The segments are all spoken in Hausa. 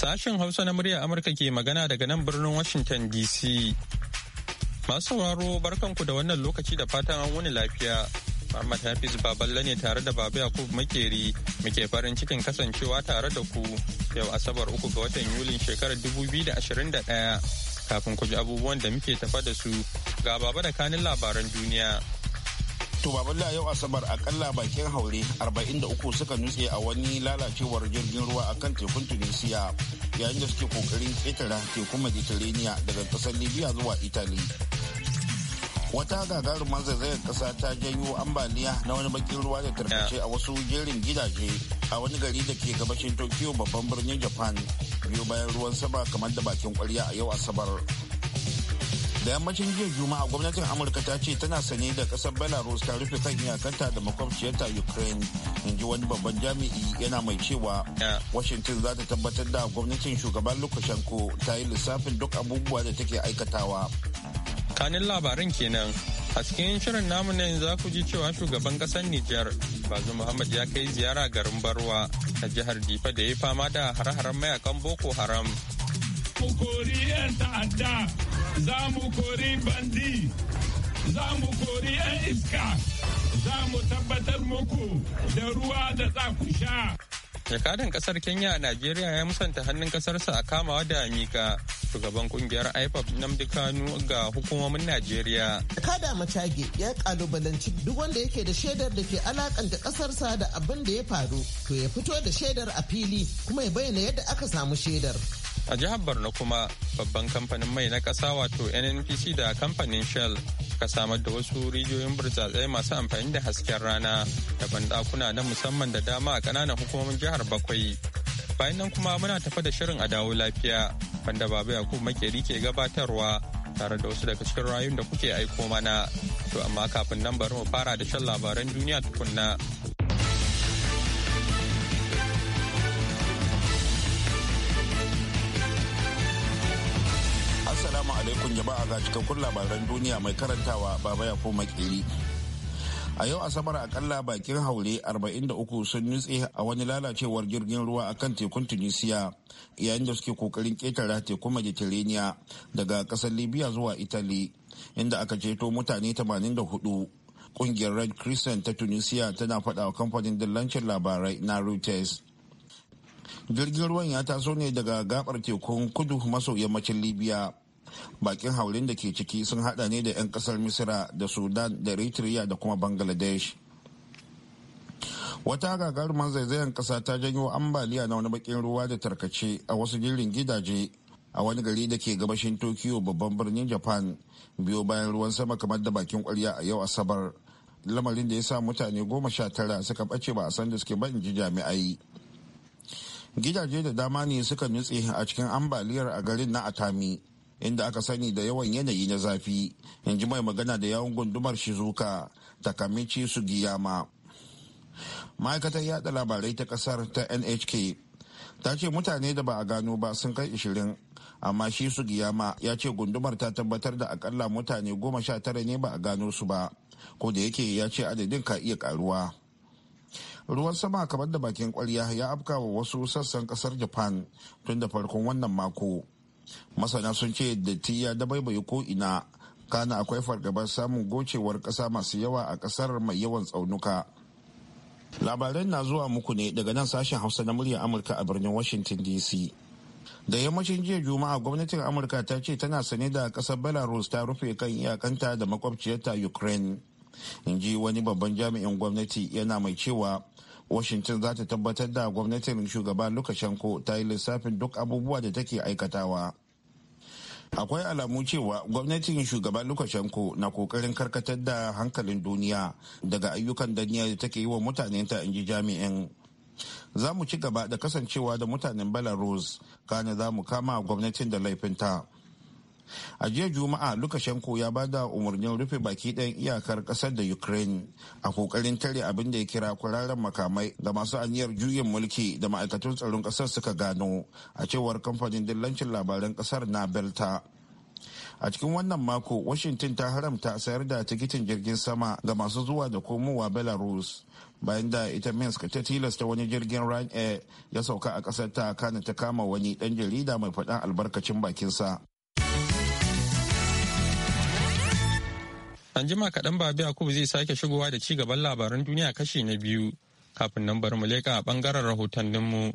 Sashen Hausa na muryar Amurka ke magana daga nan birnin Washington DC. Masu sauraro barkanku da wannan lokaci da fatan an wuni lafiya. Muhammad Hafiz Baballe ne tare da Baba Yakub Makeri muke farin cikin kasancewa tare da ku yau Asabar uku ga watan Yulin shekarar 2021 kafin ku ji abubuwan da muke tafa da su ga Baba da kanin labaran duniya. To baballa yau Asabar akalla bakin haure 43 suka nutse a wani lalacewar jirgin ruwa a kan tekun Tunisia yayin da suke kokarin ƙetara tekun Mediterania daga ƙasar Libya zuwa Italy. Wata gagarumar zaizayar ƙasa ta janyo ambaliya na wani bakin ruwa da tarkace a wasu jerin gidaje a wani gari da ke gabashin Tokyo babban birnin Japan biyu bayan ruwan sama kamar da bakin kwarya a yau Asabar. da yammacin jiya juma'a gwamnatin amurka ta ce tana sane da kasar belarus ta rufe kan iyakanta da makwabciyarta ukraine in ji wani babban jami'i yana mai cewa washington za ta tabbatar da gwamnatin shugaban lukashenko ta yi lissafin duk abubuwa da take aikatawa kanin labarin kenan a cikin shirin namu ne za ku ji cewa shugaban kasar nijar bazu muhammad ya kai ziyara garin barwa a jihar difa da ya fama da hare-haren mayakan boko haram za kori bandi za kori 'yan iska za tabbatar muku da ruwa da za ku sha jakadan kasar kenya a najeriya ya musanta hannun kasarsa a kamawa da mika shugaban kungiyar ipop namdi kanu ga hukumomin najeriya kada macage ya kalubalanci duk wanda yake da shaidar da ke alakanta kasarsa da abin da ya faru to ya fito da shaidar a fili kuma ya bayyana yadda aka samu shaidar a jihar borno kuma babban kamfanin mai na ƙasa wato nnpc da kamfanin shell suka samar da wasu rijiyoyin burtsatsai masu amfani da hasken rana da banɗakuna na musamman da dama a ƙananan hukumomin jihar bakwai bayan nan kuma muna tafa da shirin a dawo lafiya wanda baba yakubu makeri ke gabatarwa tare da wasu daga cikin rayun da kuke aiko mana to amma kafin nan bari mu fara da shan labaran duniya tukunna Assalamu alaikum jama'a ga cikakkun labaran duniya mai karantawa baba ya koma kiri. A yau Asabar akalla bakin haure 43 sun nutse a wani lalacewar jirgin ruwa a kan tekun Tunisia yayin da suke kokarin ketara tekun Mediterania daga kasar Libya zuwa Italy inda aka ceto mutane 84. Kungiyar Red Crescent ta Tunisia tana faɗawa kamfanin dillancin labarai na Reuters. jirgin ruwan ya taso ne daga gabar tekun kudu maso yammacin libya bakin haurin da ke ciki sun hada ne da 'yan kasar misira da sudan da eritrea da kuma bangladesh wata gagarumar zaizayen kasa ta janyo ambaliya na wani bakin ruwa da tarkace a wasu jirin gidaje a wani gari da ke gabashin tokyo babban birnin japan biyo bayan ruwan sama kamar da bakin kwarya a yau asabar lamarin da ya sa mutane goma sha tara suka bace ba a san da suke ba inji jami'ai gidaje da dama ne suka nutse a cikin ambaliyar a garin na atami inda aka sani da yawan yanayi na zafi in ji mai magana da yawan gundumar shizuka takamichi sugiyama ma'aikatar yada labarai ta kasar ta nhk ta ce mutane da ba a gano ba sun kai ishirin amma shi sugiyama ya ce gundumar ta tabbatar da akalla mutane goma sha tara ne ba a gano su ba ko da yake ya ce adadin ka iya karuwa ruwan sama kamar da bakin kwarya ya afkawa wasu sassan kasar japan tun da farkon wannan mako masana sun ce datti ya dabaibaye ko ina kana akwai fargabar samun gocewar kasa masu yawa a kasar mai yawan tsaunuka labaran na zuwa muku ne daga nan sashen hausa na muryar amurka a birnin washington dc da yammacin jiya juma'a gwamnatin amurka ta ce tana sane da ƙasar belarus ta rufe kan iyakanta da makwabciyarta ukraine in ji wani babban jami'in gwamnati yana mai cewa washington za ta tabbatar da gwamnatin shugaba lukashenko ta yi lissafin duk abubuwa da take aikatawa akwai alamu cewa gwamnatin shugaba lukashenko na kokarin karkatar da hankalin duniya daga ayyukan daniya da take yi wa ta in ji jami'in za mu ci gaba da kasancewa da mutanen belarus kana za mu kama gwamnatin da laifinta a jiya juma'a lukashenko ya ba da umarnin rufe baki ɗayan iyakar ƙasar da ukraine a kokarin tare abin da ya kira kwararren makamai da masu aniyar juyin mulki da ma'aikatun tsaron ƙasar suka gano a cewar kamfanin dillancin labaran ƙasar na belta a cikin wannan mako washington ta haramta sayar da tikitin jirgin sama ga masu zuwa da komowa belarus bayan da ita minsk ta tilasta wani jirgin ryanair ya sauka a kasar ta kana ta kama wani dan jarida mai faɗan albarkacin bakinsa An jima kaɗan babu Yakubu zai sake shigowa da ci gaban labaran duniya kashi na biyu kafin nan bari mu leƙa a ɓangaren rahotanninmu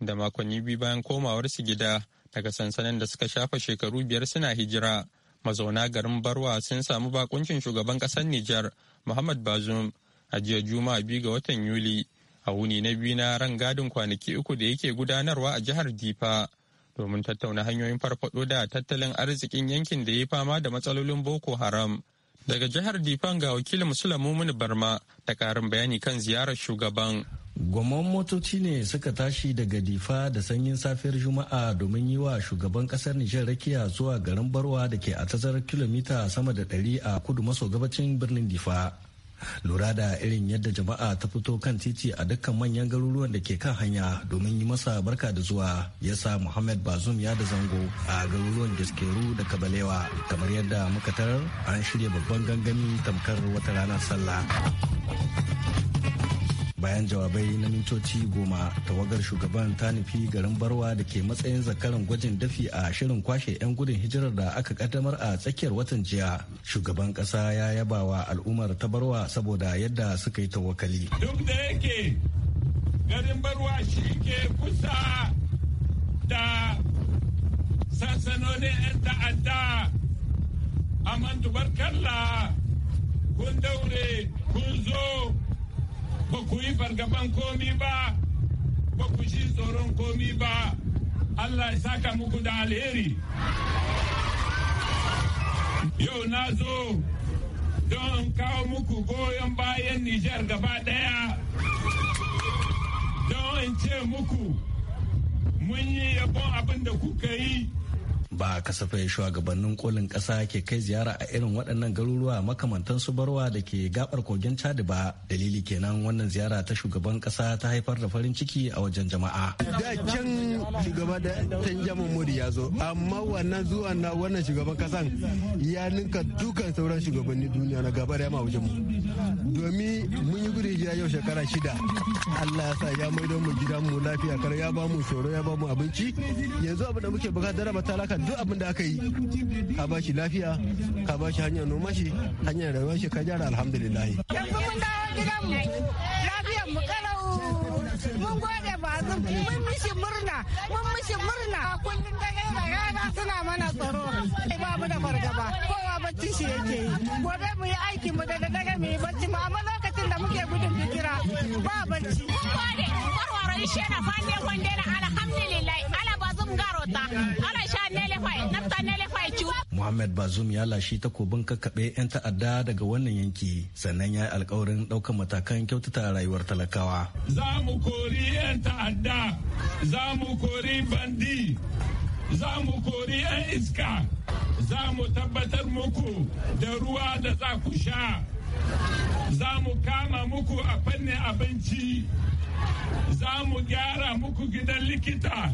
da makonni biyu bayan komawar su gida daga sansanin da suka shafa shekaru biyar suna hijira. Mazauna garin Barwa sun samu bakuncin shugaban ƙasar Nijar Muhammad bazum a jiya Juma'a biyu ga watan Yuli a wuni na biyu na ran gadin kwanaki uku da yake gudanarwa a jihar Difa. domin tattauna hanyoyin farfaɗo da tattalin arzikin yankin da ya fama da matsalolin boko haram Daga jihar Difan ga wakilin Musulamu Muni Barma da karin bayani kan ziyarar shugaban. Gwamman motoci ne suka tashi daga Difa da sanyin safiyar Juma'a domin yi wa shugaban kasar Nijar rakiya zuwa garin Barwa da ke a tazarar kilomita sama da 100 a kudu maso gabacin birnin Difa. lura da irin yadda jama'a ta fito kan titi a dukkan manyan garuruwan da ke kan hanya domin yi masa barka da zuwa ya sa muhammad bazum ya da zango a garuruwan gaskeru da kabalewa kamar yadda muka tarar an shirya babban gangami tamkar wata ranar sallah bayan jawabai na mintoci goma tawagar shugaban ta nufi garin barwa da ke matsayin zakaran gwajin dafi a shirin kwashe 'yan gudun hijirar da aka kaddamar a tsakiyar watan jiya shugaban kasa ya yaba wa al'ummar ta barwa saboda yadda suka yi tawakali duk da yake garin barwa shi ke kusa da sansanonin 'yan ta'adda a mandubar kalla kun daure kun zo ba ku yi fargaban komi ba ba ku ji tsoron komi ba Allah ya saka muku da alheri yau na zo don kawo muku goyon bayan Nijar gaba daya don in ce muku mun yi yabon abin da kuka yi ba kasafai shugabannin kolin ƙasa ke kai ziyara a irin waɗannan garuruwa makamantan su barwa da ke gabar kogin chad ba dalili kenan wannan ziyara ta shugaban ƙasa ta haifar da farin ciki a wajen jama'a da can shugaba da can jaman modi ya zo amma wannan zuwa na wannan shugaban kasan ya ninka dukan sauran shugabanni duniya na gaba da yamma wajen mu domin mun yi gudun gida yau shekara shida Allah ya sa ya maido mu gida mu lafiya kar ya ba mu tsoro ya ba mu abinci yanzu abin da muke bukatar raba talaka duk abin da aka yi ka ba shi lafiya ka ba shi hanyar noma shi hanyar rayuwar shi ka gyara alhamdulillah yanzu mun dawo gidan mu lafiya mu kalau mun gode ba mun mishi murna mun mishi murna kullum da rana suna mana tsaro ba mu da fargaba bacci shi yake yi gobe mu yi aiki mu daga daga mu yi bacci mu amma lokacin da muke gudun fikira ba bacci warware shi na fande wande na alhamdulillah ala bazum garota ala sha nele fai nafta nele fai ciwo Muhammad Bazum ya lashi takobin kakkaɓe 'yan ta'adda daga wannan yanki sannan ya yi alkawarin ɗaukar matakan kyautata rayuwar talakawa. Za mu kori 'yan ta'adda, za mu kori bandi, za mu kori 'yan iska, za mu tabbatar muku da ruwa da za ku sha za mu kama muku a fannin abinci za mu gyara muku gidan likita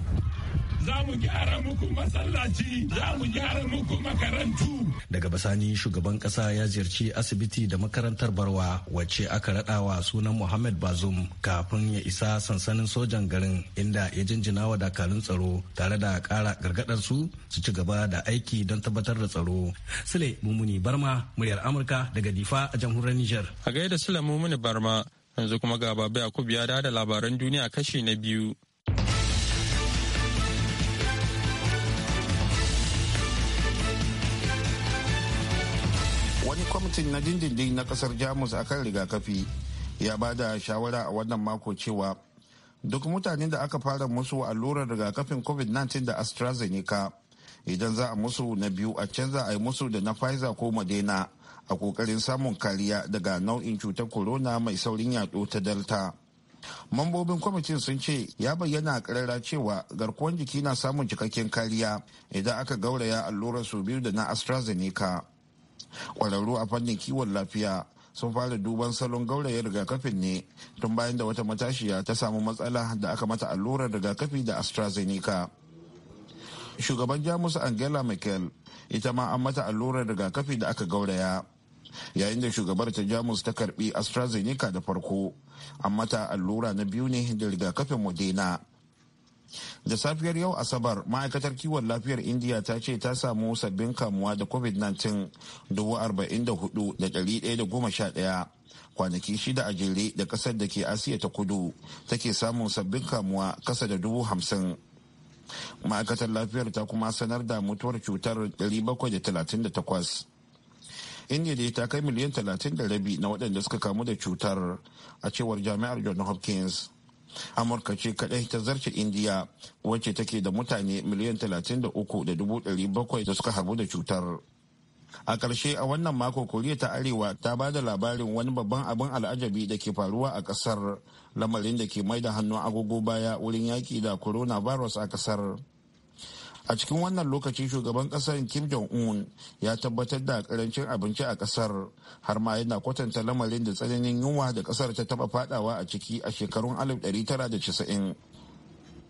za mu gyara muku masallaci za mu gyara muku makarantu daga basani shugaban kasa ya ziyarci asibiti da makarantar barwa wacce aka wa sunan muhammad bazum kafin ya isa sansanin sojan garin inda ya jinjina wa dakarun tsaro tare da kara gargadar su su ci gaba da aiki don tabbatar da tsaro sule mummuni barma muryar amurka daga difa a jamhuriyar niger a gaida sule Mumuni barma yanzu kuma ga babu yakubu ya da labaran duniya kashi na biyu kwamitin na dindindin na kasar jamus akan rigakafi ya ba da shawara a wannan mako cewa duk mutanen da aka fara musu allurar rigakafin covid-19 da astrazeneca idan za a musu na biyu a canza a yi musu da na pfizer ko modena a kokarin samun kariya daga nau'in cutar corona mai saurin yaɗo ta delta mambobin kwamitin sun ce ya bayyana a karara cewa garkuwar jiki na samun cikakken kariya idan aka gauraya allurar su biyu da na astrazeneca kwararru a fannin kiwon lafiya sun fara duban salon gauraye rigakafin ne tun bayan da wata matashiya ta samu matsala da aka mata allurar rigakafi da astrazeneca shugaban jamus angela merkel ita ma an mata allurar rigakafi da aka gauraya yayin da shugabar ta jamus ta karbi astrazeneca da farko an mata allura na biyu ne da rigakafin modena da safiyar yau asabar ma'aikatar kiwon lafiyar indiya ta ce ta samu sabbin kamuwa da covid-19 44,111 kwanaki shida a jere da kasar da ke asiya ta kudu take samun sabbin kamuwa kasa da dubu hamsin ma'aikatar lafiyar ta kuma sanar da mutuwar cutar 738 indiya dai ta kai miliyan 30 da rabi na waɗanda suka kamu da cutar a cewar jami'ar john hopkins amurka ce kadai ta zarce indiya wacce take da mutane miliyan 33,700 da suka harbu da cutar a ƙarshe a wannan mako koriya ta arewa ta ba da labarin wani babban abin al'ajabi da ke faruwa a ƙasar lamarin da ke mai da hannun agogo baya wurin yaƙi da coronavirus a ƙasar a cikin wannan lokacin shugaban kasar kim jong-un ya tabbatar da karancin abinci a kasar har ma yana kwatanta lamarin da tsananin yunwa da kasar ta taba fadawa a ciki a shekarun 1990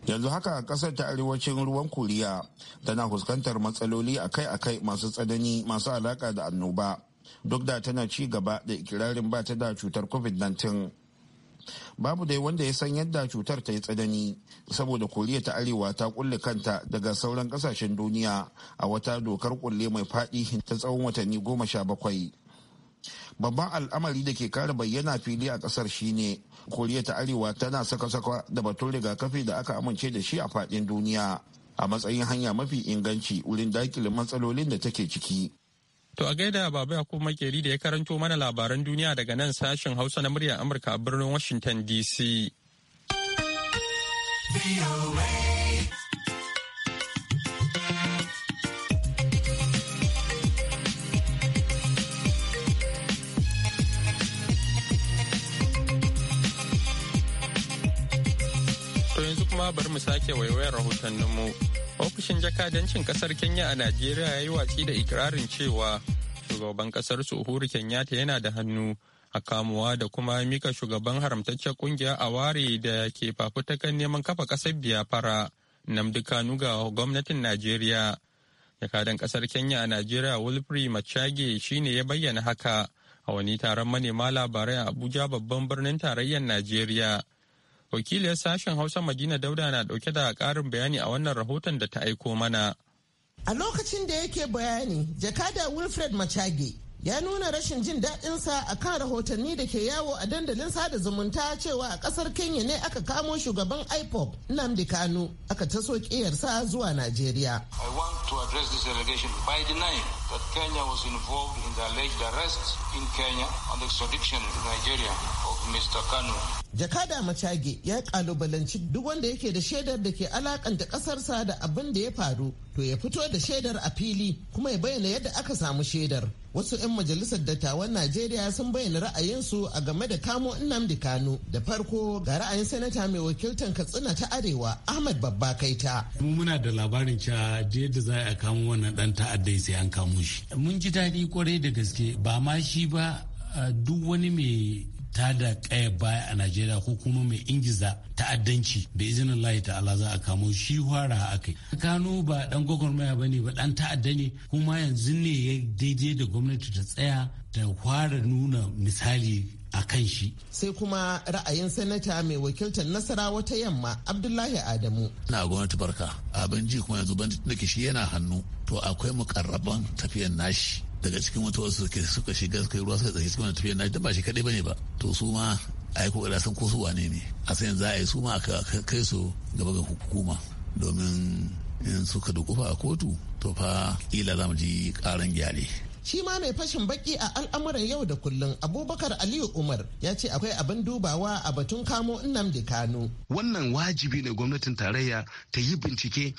yanzu haka a kasar ta arewacin ruwan koriya tana fuskantar matsaloli akai-akai masu tsanani masu alaka da annoba duk da tana ci gaba da ikirarin ba ta da cutar covid-19 babu dai wanda ya san yadda cutar ta yi tsanani saboda koriya ta arewa ta kulle kanta daga sauran kasashen duniya a wata dokar kulle mai faɗi ta tsawon watanni goma sha bakwai babban al'amari da ke kare bayyana fili a kasar shine koriya ta arewa tana saka-saka da batun rigakafi da aka amince da shi a faɗin duniya a matsayin hanya mafi inganci wurin dakile matsalolin da take ciki To a gaida baba ya kuma makeri da ya karanto mana labaran duniya daga nan sashen Hausa na muryar Amurka a birnin Washington DC. kuma bari mu sake waiwayar rahotanninmu. Ofishin jakadancin kasar Kenya a Najeriya ya yi watsi da ikirarin cewa shugaban kasar su Uhuru Kenyatta yana da hannu a kamuwa da kuma mika shugaban haramtaccen kungiya a ware da ke kan neman kafa kasar biyafara namdi Kanu ga gwamnatin Najeriya. Jakadan kasar Kenya a Najeriya Wilfrey Machage shine ya bayyana haka a wani taron manema labarai a Abuja babban birnin tarayyar Najeriya. wakiliyar sashen hausa madina dauda na dauke da ƙarin bayani a wannan rahoton da ta aiko mana a lokacin da yake bayani jakada wilfred machage ya nuna rashin jin daɗinsa a kan rahotanni da ke yawo a dandalin sada zumunta cewa a ƙasar kenya ne aka kamo shugaban ipop nnamdi kanu aka taso ƙiyarsa zuwa najeriya i want to address this allegation by denying that Kenya was involved in the alleged arrest in Kenya and extradition to Nigeria of Mr. Kanu. Jakada Machage ya kalubalanci duk wanda yake da shaidar da ke alakanta kasarsa da abin da ya faru to ya fito da shaidar a fili kuma ya bayyana yadda aka samu shaidar. Wasu 'yan majalisar dattawan Najeriya sun bayyana ra'ayinsu a game da kamo Nnamdi Kanu da farko ga ra'ayin sanata mai wakiltan Katsina ta Arewa Ahmad Babba Kaita. Mu muna da labarin cewa da za a kamo wannan dan ta'addai sai an kamo shi mun ji daɗi kwarai da gaske ba ma shi ba duk wani mai tada kaya baya a Najeriya ko kuma mai ingiza ta'addanci da izinin layi ta'ala za a kamo shi hwara a kai. Kano ba dan gwagwarmaya ba ne ba dan ta'adda ne kuma yanzu ne ya daidai da gwamnati ta tsaya ta fara nuna misali a kan shi. Sai kuma ra'ayin sanata mai wakiltar nasara wata yamma Abdullahi Adamu. Na gwamnati barka abin ji kuma yanzu ban da shi yana hannu to akwai mukarraban tafiyan nashi daga cikin wata wasu suka shiga suka yi ruwa suka tsaki cikin tafiyan nashi don ba shi kaɗai bane ba to su ma a yi da san ko su wane ne a sayan za a yi su ma a kai su gaba ga hukuma domin in suka dukufa a kotu to fa kila za mu ji karan gyale shi ma mai fashin baki a al'amuran yau da kullum abubakar aliyu umar ya ce akwai abin dubawa a batun kamo nnamdi kano wannan wajibi ne gwamnatin tarayya ta yi bincike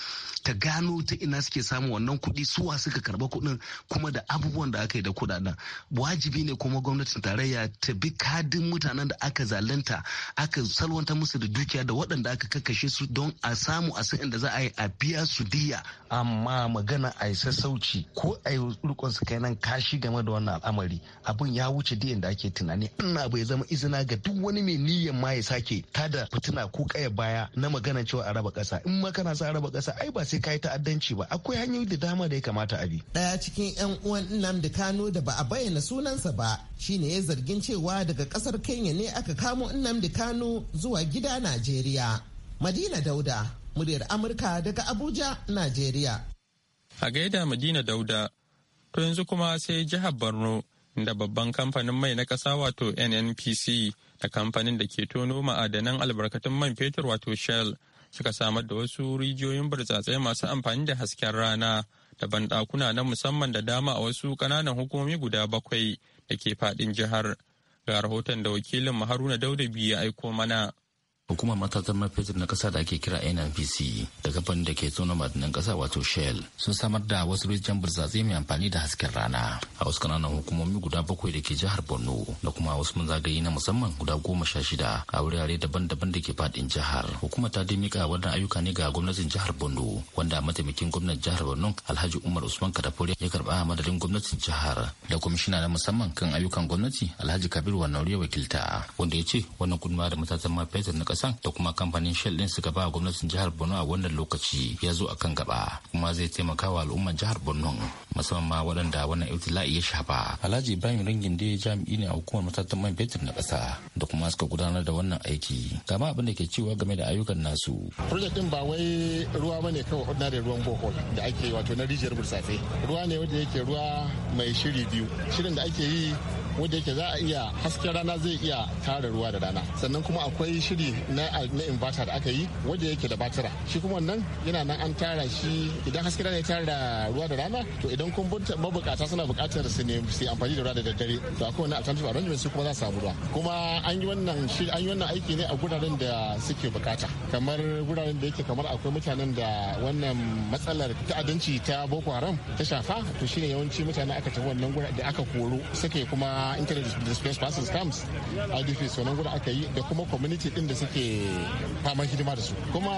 ta gano ta ina suke samun wannan kuɗi suwa suka karba kuɗin kuma da abubuwan da aka yi da kuɗaɗen wajibi ne kuma gwamnatin tarayya ta bi kadin mutanen da aka zalunta aka salwanta musu da dukiya da waɗanda aka kakkashe su don a samu a san inda za a yi a biya su diya amma magana a yi sassauci ko a yi rikon su kai nan kashi game da wannan al'amari abin ya wuce da yadda ake tunani ina bai zama izina ga duk wani mai niyyar ma ya sake tada fitina ko kaya baya na magana cewa a raba kasa in ma kana sa raba kasa ai ba sai kai ta'addanci ba akwai hanyoyi da dama da ya kamata a bi daya cikin yan uwan Nnamdi Kano da ba a bayyana sunansa ba shine ya zargin cewa daga kasar Kenya ne aka kamo Nnamdi Kano zuwa gida Najeriya Madina Dauda muryar Amurka daga Abuja Najeriya a gaida Madina Dauda To yanzu kuma sai jihar Borno da babban kamfanin mai na ƙasa wato NNPC da kamfanin da ke tono ma'adanan albarkatun man fetur wato Shell suka samar da wasu rijiyoyin burtsatsai masu amfani da hasken rana da banɗakuna na musamman da dama a wasu ƙananan hukumomi guda bakwai da ke faɗin jihar. Ga rahoton da wakilin Haruna Daudabi ya aiko mana. hukumar matatan mafitar na kasa da ake kira nnpc da kamfanin da ke tsona madinan kasa wato shell sun samar da wasu rijiyar burtsatse mai amfani da hasken rana a wasu kananan hukumomi guda bakwai da ke jihar borno da kuma wasu mun zagaye na musamman guda goma sha shida a wurare daban-daban da ke fadin jihar hukumar ta dimika wannan ayyuka ne ga gwamnatin jihar borno wanda mataimakin gwamnan jihar borno alhaji umar usman kadafore ya karba madadin gwamnatin jihar da kwamishina na musamman kan ayyukan gwamnati alhaji Kabiru wanauriya wakilta wanda ya ce wannan gudunmawa da matatan man na na kasan da kuma kamfanin shell din suka ba gwamnatin jihar borno a wannan lokaci ya zo akan gaba kuma zai taimaka wa al'ummar jihar borno musamman ma waɗanda wannan iftila'i ya shafa alhaji ibrahim rangin da jami'i ne a hukumar matatan man fetur na ƙasa da kuma suka gudanar da wannan aiki kama abin da ke cewa game da ayyukan nasu project din ba wai ruwa ba ne kawai ordinary ruwan bohol da ake wato na rijiyar burtsatse ruwa ne wanda yake ruwa mai shiri biyu shirin da ake yi wanda yake za a iya hasken rana zai iya tara ruwa da rana sannan kuma akwai shiri na inverter da aka yi wanda yake da batira shi kuma nan yana nan an tara shi idan hasken rana ya tara ruwa da rana to idan kun mabukata suna bukatar su ne su amfani da ruwa da daddare to akwai wani alternative arrangement su kuma za su samu ruwa kuma an yi wannan shi an yi wannan aiki ne a guraren da suke bukata kamar guraren da yake kamar akwai mutanen da wannan matsalar ta'addanci ta boko haram ta shafa to shine yawanci mutane aka tafi wannan guraren da aka koro suke kuma internet camps idp sonan gudu aka yi da kuma community din da suke fama hidima da su kuma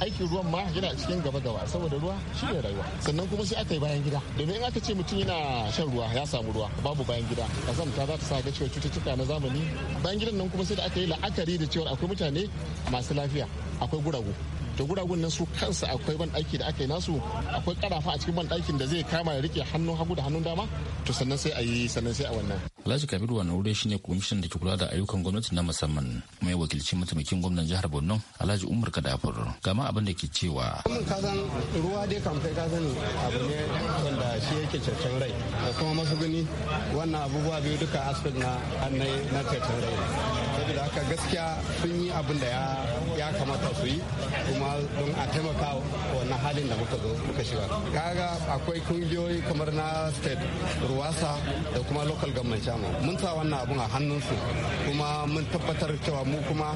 aikin ruwan ma yana cikin gaba gaba saboda ruwa shi ne rayuwa sannan kuma sai aka yi bayan gida domin aka ce mutum yana shan ruwa ya samu ruwa babu bayan gida ta za ta sa ga cewa cututtuka na zamani bayan gidan nan kuma sai da aka yi la'akari da cewa akwai mutane masu lafiya akwai guragu to guragun nan su kansu akwai ban ɗaki da aka yi nasu akwai karafa a cikin ban ɗakin da zai kama ya rike hannun hagu da hannun dama to sannan sai a yi sannan sai a wannan Alhaji Kabir wannan wuri shine kwamishinan da ke kula da ayyukan gwamnati na musamman mai wakilci mataimakin gwamnan jihar Borno Alhaji Umar Kadafur gama abin da ke cewa mun san ruwa dai kan kai sani abu ne wanda shi yake cancan rai da kuma masu gani wannan abubuwa biyu duka aspect na na cancan rai saboda haka gaskiya sun yi abin da ya kamata su yi kuma kuma don a taimaka wannan halin da muka zo muka shiga kaga akwai kungiyoyi kamar na state ruwasa da kuma local government chairman mun sa wannan abun a hannunsu kuma mun tabbatar cewa mu kuma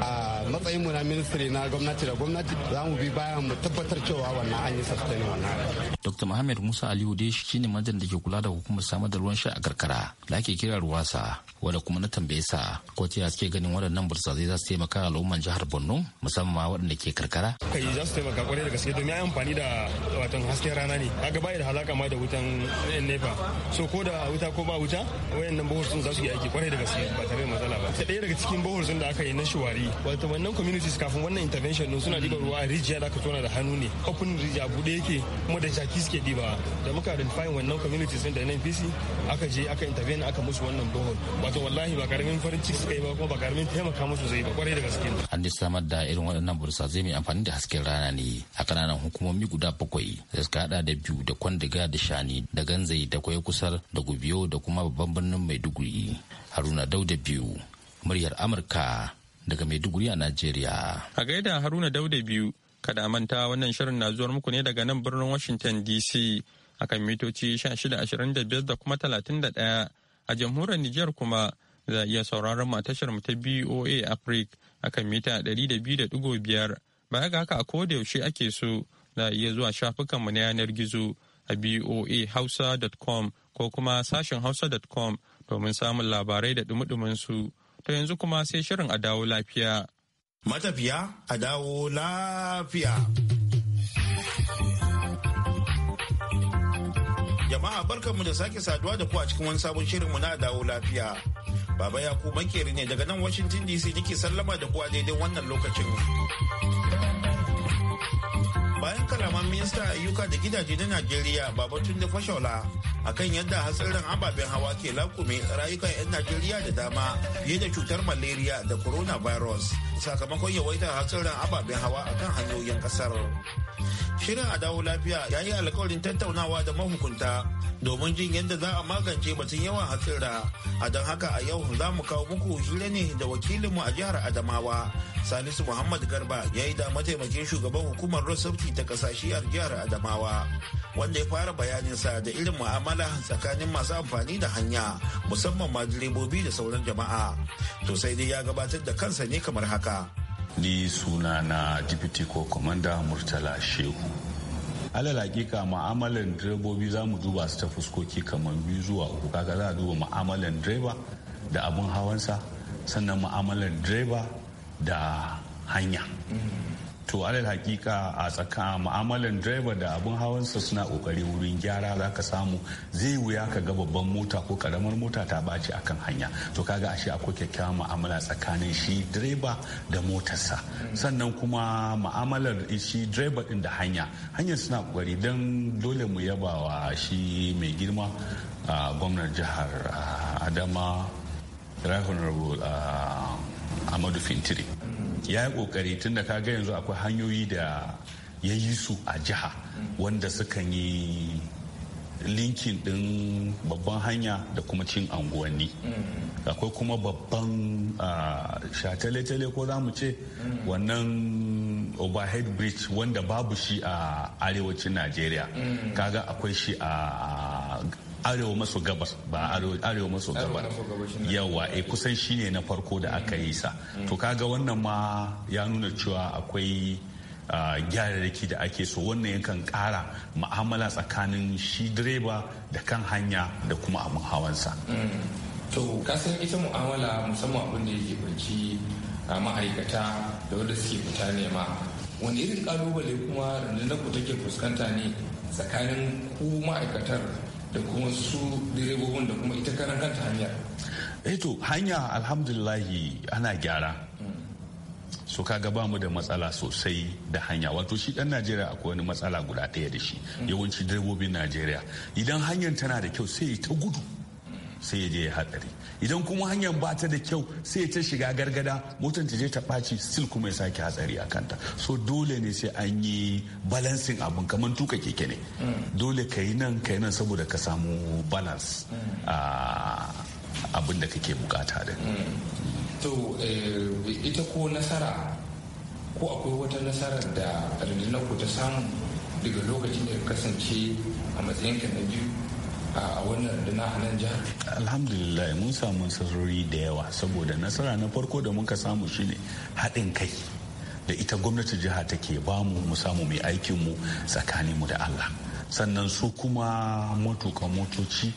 a ah, matsayin mu na ministry na gwamnati da gwamnati za mu bi baya mu tabbatar cewa wannan an yi sustain wannan Dr. Muhammad Musa Aliyu dai shine majan da ke kula da hukumar samar da ruwan sha a karkara da ake kira ruwasa wanda kuma na tambaye sa ko ta suke ganin waɗannan burtsazai za su taimaka al'umman jihar Borno musamman waɗanda ke karkara. Kai za su taimaka kwarai da gaske domin ya amfani da watan hasken rana ne ga bai da halaka ma da wutan eh, nepa so ko da wuta ko ba wuta wayannan bohol sun za su yi aiki kwarai da gaske ba tare da matsala ba. Ta ɗaya daga cikin bohol sun da aka yi na shuwari wata wannan communities kafin wannan intervention din suna diba ruwa rijiya da aka tona da hannu ne open rijiya bude yake kuma da jaki suke diba da muka identify wannan communities din da NPC aka je aka intervene aka musu wannan bohol wato wallahi ba karamin farin ciki suka yi ba kuma ba karamin taimaka musu zai ba kwarai da gaske an samar da irin waɗannan bursa zai mai amfani da hasken rana ne a kananan hukumomi guda bakwai da suka hada da biyu da kwandiga da shani da ganzai da kwai kusar da gubiyo da kuma babban birnin mai duguri. haruna dauda biyu muryar amurka daga Maiduguri a Najeriya. A gaida Haruna Dauda biyu, kada manta wannan shirin na zuwar muku ne daga nan birnin Washington DC kan mitoci 1625 da kuma 31 a jamhuriyar Nijar kuma za a iya sauraron mu tashar mu ta BOA Africa akan mita 200.5 baya ga haka a koda yaushe ake so za a iya zuwa shafukan mu na yanar gizo a boahausa.com ko kuma sashen hausa.com domin samun labarai da dumi su. To yanzu kuma sai shirin a dawo lafiya. Matafiya a dawo lafiya. Jama'a barkanmu da sake saduwa da ku a cikin wani sabon shirinmu na dawo lafiya. Baba Yakubu Makeri ne daga nan Washington DC nake sallama da ku a daidai wannan lokacin. bayan kalaman minista ayyuka da gidaje na najeriya babatun da fashola kan yadda hatsarin ababen hawa ke lakume rayukan 'yan najeriya da dama fiye da cutar malaria da coronavirus sakamakon yawaitar hatsarin ababen hawa a kan hanyoyin kasar Shirin a dawo lafiya ya yi alkawarin tattaunawa da mahukunta domin jin yadda za a magance batun yawan hatsira. A don haka a yau za mu kawo muku hira ne da wakilinmu a jihar Adamawa. Salisu Muhammad Garba ya yi da mataimakin shugaban hukumar Rosafti ta a jihar Adamawa. Wanda ya fara bayaninsa da irin mu'amala tsakanin masu amfani da hanya musamman ma direbobi da sauran jama'a. To sai dai ya gabatar da kansa ne kamar haka. ni suna na deputy ko komanda murtala shehu alal hakika ma'amalan direbobi za mu duba su ta fuskoki kamar biyu zuwa uku kaga za a duba ma'amalan direba da abin hawansa sannan ma'amalan direba da hanya to alal hakika a tsaka mu'amalan direba da abin hawansa suna kokari wurin gyara za ka samu zai wuya ka ga babban mota ko karamar mota ta a kan hanya to kaga ashe akwai kyakkyawan mu'amala tsakanin shi direba da motarsa sannan kuma mu'amalar shi direba din da hanya hanyar suna kokari don dole mu yaba wa shi mai girma gwamnar jihar adama rahonar amadu fintiri ya yi kokari tun da kaga yanzu akwai hanyoyi da ya yi su a jiha wanda suka yi linkin din babban hanya da kuma cin anguwanni akwai kuma babban shatale-tale ko za mu ce wannan overhead bridge wanda babu shi a arewacin najeriya kaga akwai shi a arewa maso gabas ba arewa maso gabar yawa e kusan shine na farko da aka yi sa mm. to kaga wannan ma ya nuna cewa akwai ah, gyararraki da ake so wannan yakan kara ma'amala tsakanin shi direba da kan hanya da kuma abin hawansa mm. to kasan ita mu'amala musamman abin da yake a ma'aikata da wanda suke fita nema wani irin kalubale kuma rundunar ku take fuskanta ne tsakanin ku ma'aikatar da kuma su direbobin da kuma ita karan kanta hanyar eh to hanya alhamdulillahi ana gyara mm. so kaga ba mu da matsala sosai da hanya wato shi dan najeriya akwai wani matsala guda ɗaya da shi mm. yawanci direbobin najeriya idan hanyar tana da kyau sai ta gudu sai ya je ya hatsari idan kuma hanyar ba ta da kyau sai ta shiga gargada motar ta je ta ɓaci sil kuma ya sake hatsari a kanta so dole ne sai an yi balancing abin kamar tuka keke ne dole ka yi nan ka yi nan saboda ka samu balance a abin da kake bukata da to eh, ita ko nasara ko akwai wata nasara da rundunar ku ta samu daga lokacin da kasance a matsayin na biyu a wannan nan jihar alhamdulillah mun samu nasarori da yawa saboda nasara na farko da muka samu shine haɗin kai da ita gwamnati jiha take ba mu samu mai aikin mu tsakanin mu da Allah sannan su kuma matuka motoci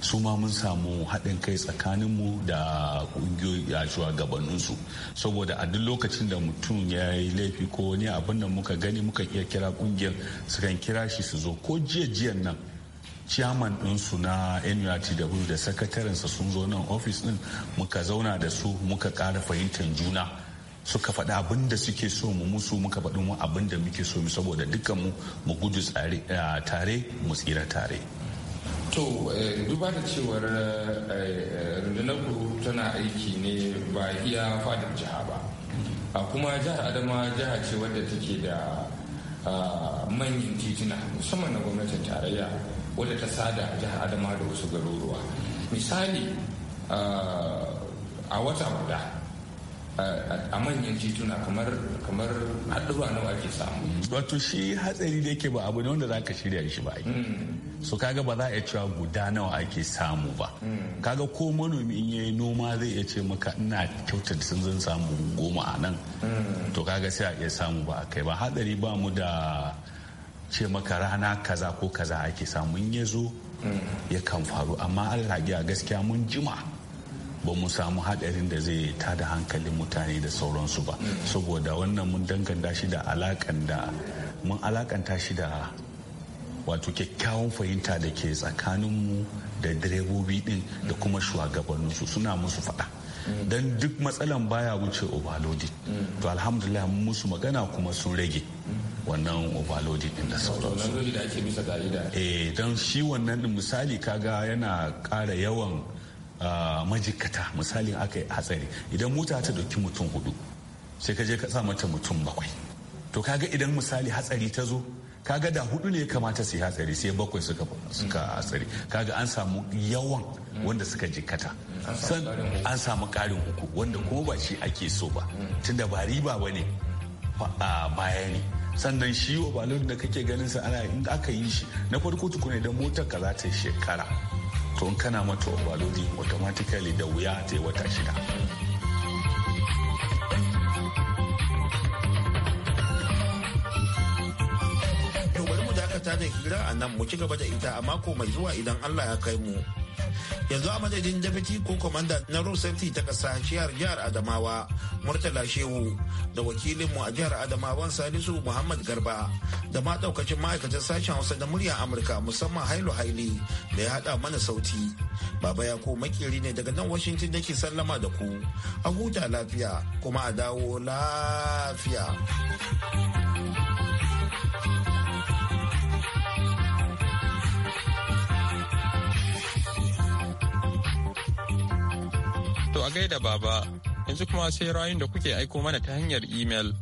su ma mun samu haɗin kai tsakaninmu da ƙungiyoyi gabanin shugabanninsu saboda a duk lokacin da mutum ya yi laifi ko wani abin da muka gani muka iya kira ƙungiyar sukan kira shi su zo ko jiya jiyan nan chairman ɗinsu na nurtw da sakatarinsa sun zo nan ofis ɗin muka zauna da su muka ƙara fahimtar juna suka faɗi abin da suke so mu musu muka faɗi mu abin da muke so mu saboda dukkan mu mu gudu tare mu tsira tare to eh, duba da cewar eh, eh, rundunar tana aiki ne ba iya fadar jiha ba a kuma jihar adama jiha ce wadda take da manyan titina musamman na gwamnatin tarayya wadda ta sada a jihar adamawa da wasu garuruwa misali a wata guda a manyan tituna kamar kamar haɗuwa na ake samu wato shi hatsari da yake ba abu ne wanda za ka shirya shi ba hmm. so kaga ba za a cewa guda nawa ake samu ba hmm. kaga ko manomi in yayi noma zai iya ce maka ina kyautata sun zan samu goma a nan hmm. to kaga sai a iya samu ba a kai ba hatsari ba mu da ce maka rana kaza ko kaza ake samun mun ya zo ya kan faru amma allah ya gaskiya mun jima ba mu samu hadarin da zai tada hankalin mutane da sauransu ba saboda wannan mun danganta shi da alakan da mun alakanta shi da wato kyakkyawan fahimta da ke tsakaninmu da direbobi din da kuma shugabanninsu suna musu faɗa don duk matsalan baya wuce overloading to alhamdulillah musu magana kuma sun rage wannan overloading din da sauransu eh don shi wannan misali kaga yana ƙara yawan ah, majikata misali aka yi hatsari idan mota ta dauki mutum hudu sai ka je ka sa mata mutum bakwai to kaga idan misali hatsari ta zo kaga da hudu ne kamata su yi hatsari sai bakwai suka hatsari kaga an samu yawan wanda suka jikkata san an samu karin uku wanda kuma ba shi ake so ba tunda ba riba bane ah, baya ne sannan shi wa balon da kake ganin sa ana in aka yi shi na farko tukuna idan motar ka za ta yi shekara to in kana mata obalodi automatically da wuya ta yi wata shida mu dakata da hira a nan mu ci gaba da ita a mako mai zuwa idan Allah ya kai mu yanzu a madadin deputy ko commander na road safety ta ƙasa jihar jihar adamawa murtala shehu da wakilinmu a jihar adamawa salisu muhammad garba da ma daukacin ma'aikatan sashen hausa da muryar amurka musamman hailu haili da ya hada mana sauti baba ya ko makeri ne daga nan washington da ke sallama da ku a huta lafiya kuma a dawo lafiya To a gaida baba, yanzu kuma sai rayun da kuke aiko mana ta hanyar imel.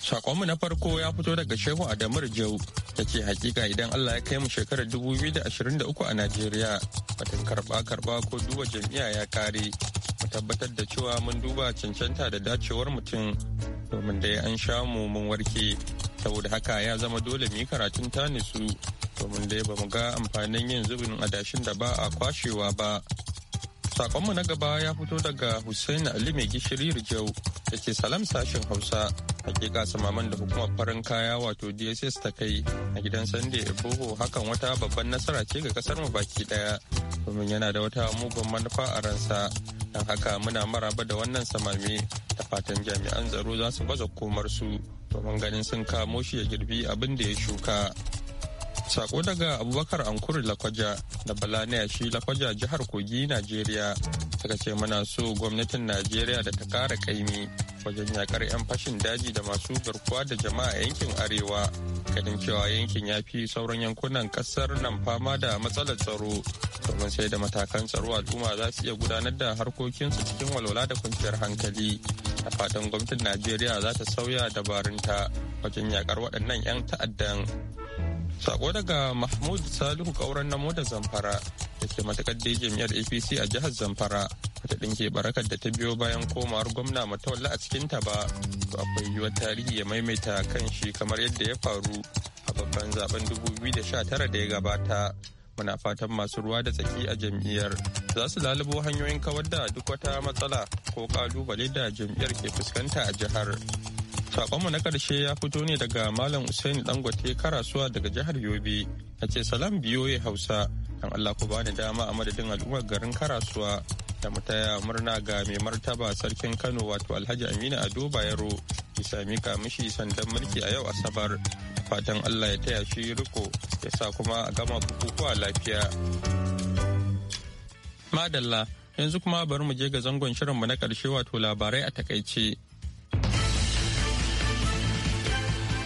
Sakonmu na farko ya fito daga Shehu Adamu Jau da ke hakika idan Allah ya kai mu shekarar 2023 a Najeriya batun karba karba ko duba jami'a ya kare mu tabbatar da cewa mun duba cancanta da dacewar mutum domin dai an sha mu mun warke saboda haka ya zama dole mu yi karatun tanisu domin dai ba mu ga amfanin yin zubin adashin da ba a kwashewa ba sakonmu na gaba ya fito daga hussein ali mai gishiri rijau da ke salam sashen hausa hakika samaman da hukumar farin kaya wato dss ta kai a gidan sande eboho hakan wata babban nasara ce ga kasar mu baki daya domin yana da wata mugun manufa a ransa don haka muna maraba da wannan samami da fatan jami'an tsaro za su baza su domin ganin sun kamo shi ya girbi abin da ya shuka sako daga abubakar ankuri lakwaja da balaniya shi lakwaja jihar kogi najeriya suka ce muna so gwamnatin najeriya da ta kara kaimi wajen yakar 'yan fashin daji da masu garkuwa da jama'a a yankin arewa ganin cewa yankin ya fi sauran yankunan kasar nan fama da matsalar tsaro domin sai da matakan tsaro al'umma za su iya gudanar da harkokinsu cikin walwala da kwanciyar hankali fatan gwamnatin najeriya za ta sauya dabarunta wajen yakar waɗannan 'yan ta'addan sako daga mahmud salihu kauran na da zamfara da ke matakar da jami'ar apc a jihar zamfara wata ɗinke barakar da ta biyo bayan komawar gwamna matawalla a cikin ta ba to akwai yiwuwar tarihi ya maimaita kan shi kamar yadda ya faru a babban zaben 2019 da ya gabata muna fatan masu ruwa da tsaki a jam'iyyar za su lalubo hanyoyin kawar da duk wata matsala ko kalubale da jam'iyyar ke fuskanta a jihar. Sakonmu na ƙarshe ya fito ne daga Malam Usaini Dangote Karasuwa daga jihar Yobe. Na ce salam biyoye Hausa, dan Allah ku bani dama a madadin al'ummar garin Karasuwa da mu taya murna ga mai martaba sarkin Kano wato Alhaji Aminu Ado Bayero bisa mika mishi sandan mulki a yau Asabar. Fatan Allah ya taya shi riko ya sa kuma a gama bukukuwa lafiya. Madalla yanzu kuma bari mu je ga zangon shirinmu na karshe wato labarai a takaice.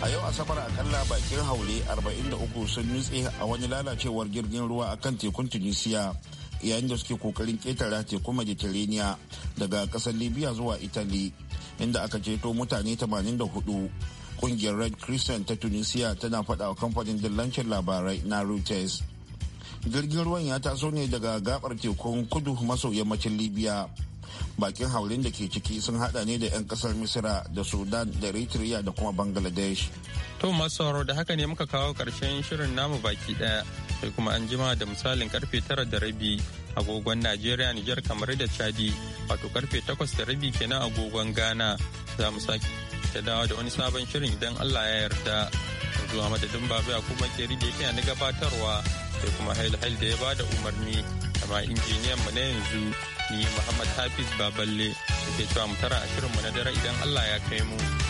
a yau asabar akalla bakin haure 43 sun nutse a wani lalacewar jirgin ruwa a kan tekun tunisia yayin da suke kokarin ketara tekun mediterania daga kasar libya zuwa italy inda aka ceto mutane 84 kungiyar red crescent ta tunisia tana faɗa wa kamfanin dillancin labarai na reuters jirgin ruwan ya taso ne daga gabar tekun kudu maso yammacin libya bakin haurin da ke ciki sun hada ne da 'yan kasar misira da sudan da eritrea da kuma bangladesh to masu da haka ne muka kawo karshen shirin namu baki daya sai kuma an jima da misalin karfe tara da rabi agogon nigeria niger kamar da chadi wato karfe takwas da rabi kenan agogon ghana za mu sake ta dawo da wani sabon shirin idan Allah ya yarda. Zuwa madadin babu ya kuma keri da yake na gabatarwa sai kuma hail hail da ya ba da umarni amma injiniyan mu na yanzu ni Muhammad Hafiz Baballe da ke cewa mu tara a shirin mu na dare idan Allah ya kai mu.